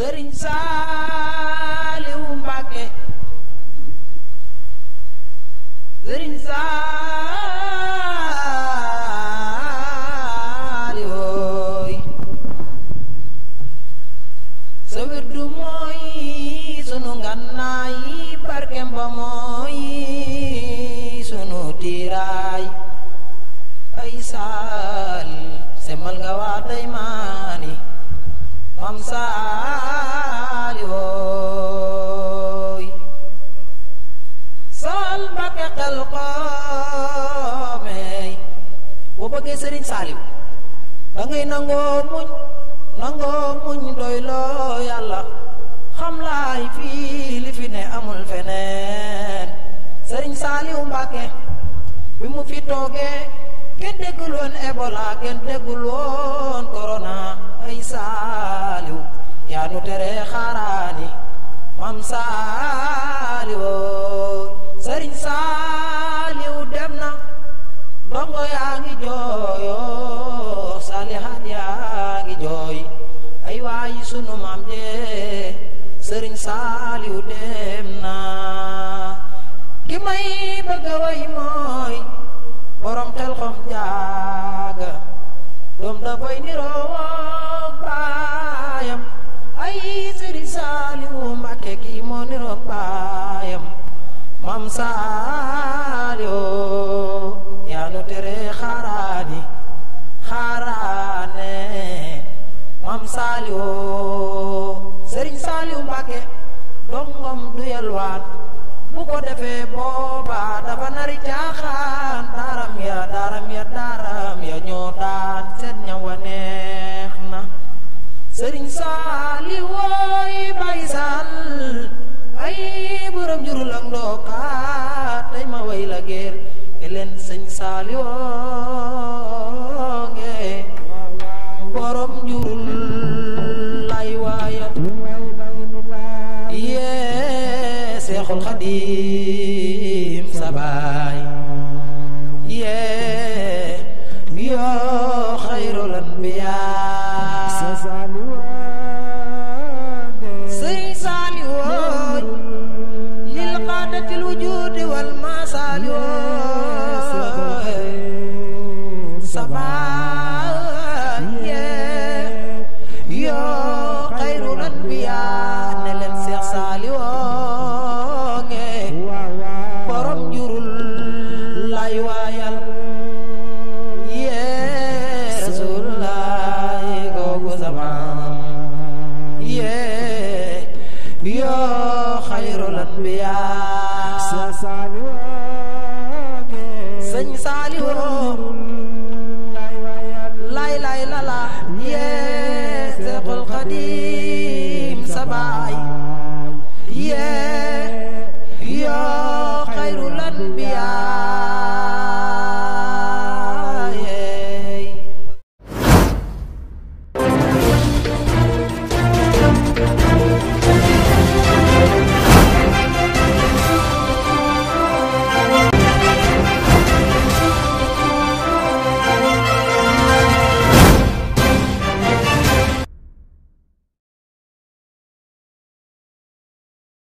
sëriñ saaliwu mbàkke sëriñ saali wooy sa wirdu mooy sunu ngannaay barke mba mooy sunu tiiraay ay saal semal nga waa maani moom saaliwooy sol Mbakke xel xoomeey bu bëggee sëriñ saaliw da ngay nangoo muñ nangoo muñ doy yàlla xam laay fii li fi ne amul feneen sëriñ saaliw Mbakke bi mu fi toogee kenn déggul woon Ebola kenn déggul saaliwoo sëriñ saaliw dem na dongo yaa jooyoo saalihaan yaa ngi ay waay sunu jee sëriñ saaliw dem na ki may bëgg a mooy borom xel jaaga doom da koy niroo xaali oo yaa nu tere xaaraani xaaraane mam saali oo sëriñ saaliw dongom du yelwaan bu ko defee booba dafa nari caaxaan daaram ya daaram ya daaram ya ñoo daan seet ña wa neex na sëriñ saali wooy bay sal ay borom jurul ak ndookaa ngeen ne leen sëñ Saaliwoo ngeen borom njurul lay waaya yee Seexul Xadiim sabaa الأنبياء خير الأنبياء سن سالي